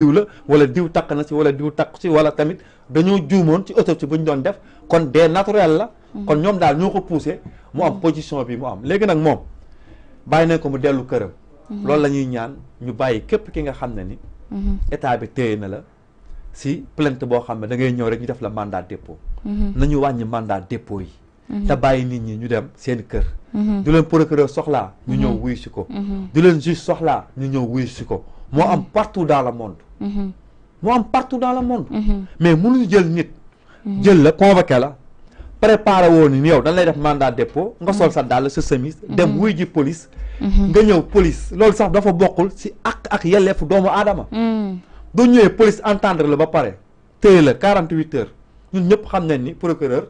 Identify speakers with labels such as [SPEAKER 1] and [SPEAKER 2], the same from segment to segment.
[SPEAKER 1] diw la wala diw takk na si wala diw takk si wala tamit dañoo juumoon ci autopsie bu ñu doon def kon dee naturel la mm-hmm. kon ñoom daal ñoo ko poussé mu am mm-hmm. position bi mu am léegi nag moom bàyyi nañ ko mu dellu këram mm-hmm. loolu la ñuy ñaan ñu bàyyi képp ki nga xam ne ni état bi téye na la si plainte boo xam ne da ngay ñëw rek ñu def la mandat dépôt nañu wàññi mandat dépôt yi te bàyyi nit ñi ñu dem seen kër du leen procureur soxlaa ñu ñëw wuy si ko du leen juge soxlaa ñu ñëw wuy si ko je suis partout dans le monde je mm-hmm. suis partout dans le monde mm-hmm. mais je jël nit mm-hmm. jël la convoqué la préparé woon ni yow dañ lay mandat dépôt nga sol sa dal sa chemise dem wuy police nga ñew police loolu sax dafa un si ak ak yelef doomu mm. police entendre la ba paré 48 heures ñun ñëpp xam nañ ni procureur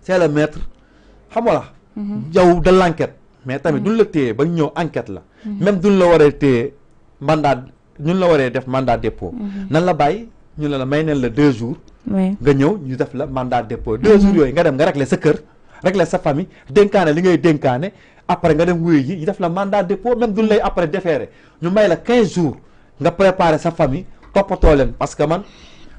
[SPEAKER 1] c'est le maître xam wala de l'enquête mais tamit duñ la ba enquête la même duñ la mandat ñun la waré def mandat dépôt. Mhm. nan la bay ñu la may neen la deux jours. nga ñëw ñu def la mandat dépôt. 2 mhm. jours yoy nga dem nga régler sa kër régler sa famille dénkaane li ngay dénkaane après nga dem wuyu yi ñu def la mandat dépôt même duñ lay après déféré ñu may la 15 jours nga préparer sa famille topato len parce que man.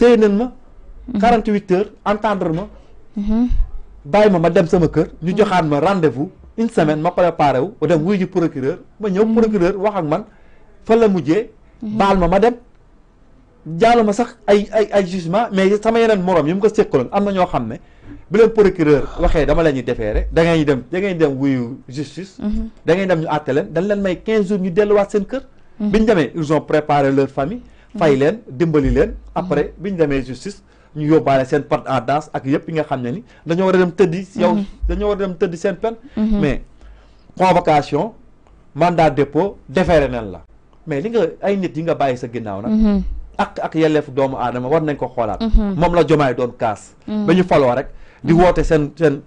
[SPEAKER 1] téye ma. 48 heures entendre ma. Mhm. bayma ma dem sama kër. ñu joxaat ma rendez-vous une semaine ma préparé wu dem wuy ji procureur ma ñëw mhm. procureur wax ak man fa la mujjé mhm. bal ma ma dem. jaaluma sax ay ay ay jugement mais sama yenen morom yum ko séqaloon am na ñoo xam bi leen procureur waxé dama lañu déféré da ngay dem da ngay dem wuyu justice. da ngay dem ñu àtte dañ leen may 15 jours ñu delluwaat wat sen bi biñ démé ils ont préparé leur famille. fay leen dimbali leen après mm-hmm. bi ñu demee justice ñu yóbbaale seen part en danse ak yëpp yi nga xam ne ni dañoo war a dem tëddi yow mm-hmm. dañoo war a dem tëddi seen peine mm-hmm. mais convocation mandat dépôt déféré nañ la mais li nga ay nit yi nga bàyyi sa ginnaaw nag ak ak yelleefu doomu aadama war nañ ko xoolaat moom la jomaay doon kaas ba ñu faloo rek di woote seen seen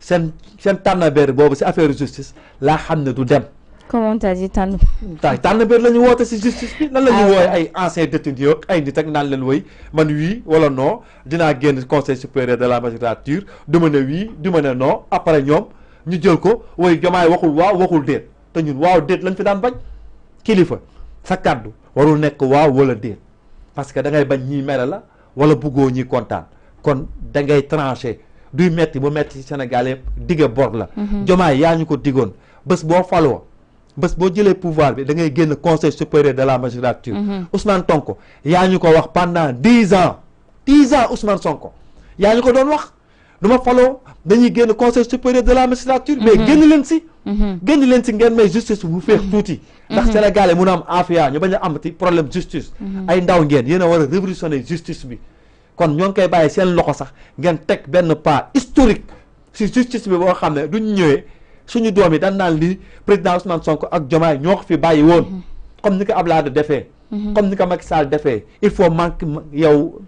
[SPEAKER 1] seen seen tànnabeer boobu si affaire justice laa xam ne du dem
[SPEAKER 2] comment t'as dit tànn. tay
[SPEAKER 1] tànn biir la ñu woote si justice bi. nan la ñuy ah wooye ay anciens détenus ak ay nit ak naan leen woy man oui wala non dinaa génn conseil supérieur de la magistrature du ma ne oui du ne non après ñoom ñu jël ko woy jomaay waxul waaw waxul déet te ñun waaw déet lañ fi daan bañ kilifa sa kàddu warul nekk waaw wala déet parce que da ngay bañ ñii mere la wala buggoo ñi kontaan kon da ngay tranché duy metti bu metti ci Sénégal yëpp dige bor la. Mm-hmm. bés bo pouvoir bi da conseil supérieur de la magistrature. Mhm. Ousmane tonko il ko wax pendant 10 ans 10 ans Ousmane Sonko yaa ko doon wax dañuy le conseil supérieur de la magistrature. mais mhm. génn leen ci mhm. génn leen ci ngeen may justice bu faire tuuti. ndax sénégalais a am afia ñu bañ problème justice. ay ndaw ngeen yéen a war a révolutionner justice bi kon ñoo loxo sax pas historique si justice suñu doom yi dañ naan lii président Ousmane Sonko ak Diomaye ñoo ko fi bayyi woon. Mhm. comme ni ko Abdoulaye défé mhm. comme ni ko Macky Sall defee il faut manquer yow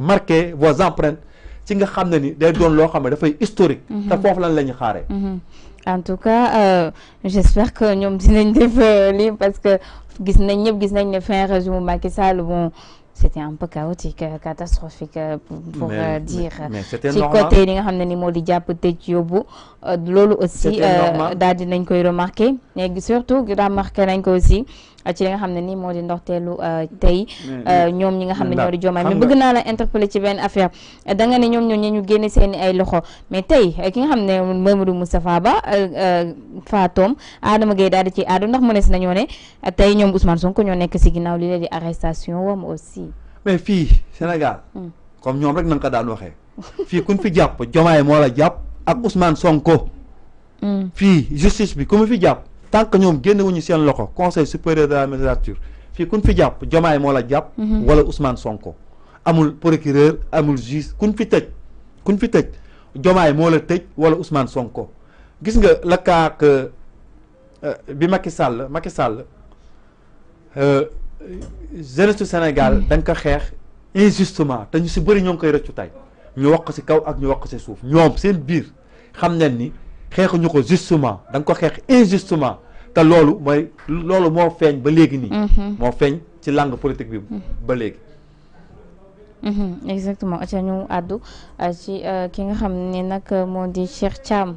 [SPEAKER 1] marquer vos empreintes ci nga xamné ni day doon lo xamné da fay historique. Mhm. ta fofu lan lañu
[SPEAKER 2] ñu en tout cas euh, j'espère que ñom dinañ def euh, li parce que gis nañ ñëpp gis nañ né fin résumé Macky Sall bon. c'était un peu chaotique euh, catastrophique euh, pour, pour mais, euh, dire ci côté li nga xam ne ni moo di jàpp tëj yóbbu loolu aussi daal di nañ koy remarqué mais surtout remarqué nañ ko aussi ci li nga xam ne ni moo di ndoxteelu tey ñoom ñi nga xam ne ñoo di joomaay mais bëgg naa la interpeller ci benn affaire da nga ne ñoom ñoo ñu génne seeni loxo mais tey ki nga xam ne moom Mamadou Moustapha Ba Fatom Adama Gueye daal ci aadu ndax mënees nañoo ne tey ñoom Ousmane Sonko ñoo nekk si ginnaaw li la di arrestation wam aussi
[SPEAKER 1] mais fii Sénégal. Hmm. comme ñoom rek na nga ko daan waxee. fii kuñ fi jàpp Jomaay moo la jàpp ak Ousmane Sonko. Hmm. fii justice bi ku mu fi jàpp. tant que ñoom génne wuñu seen loxo conseil supérieur de la magistrature fii kuñ fi jàpp Jomaay moo la jàpp. Hmm. wala Ousmane Sonko. amul procureur amul juge kuñ fi tëj kuñ fi tëj Jomaay moo la tëj wala Ousmane Sonko gis nga la kaak euh, bi Macky sàll Macky Sall. Euh, jeunesse su Sénégal mm. dañ ko xeex injustement te ñu si bëri ñoo ngi koy rëccu tey ñu wax si kaw ak ñu wax si suuf ñoom seen biir xam nañ ni xeexuñu ko justement dañ ko xeex injustement te loolu mooy loolu moo feeñ ba léegi nii. Mm-hmm. moo feeñ ci langue politique bi mm-hmm. ba léegi.
[SPEAKER 2] Mm-hmm. exactement ca ñu àddu euh, ci euh, ki nga xam ne nag euh, moo di Cheikh Thiam.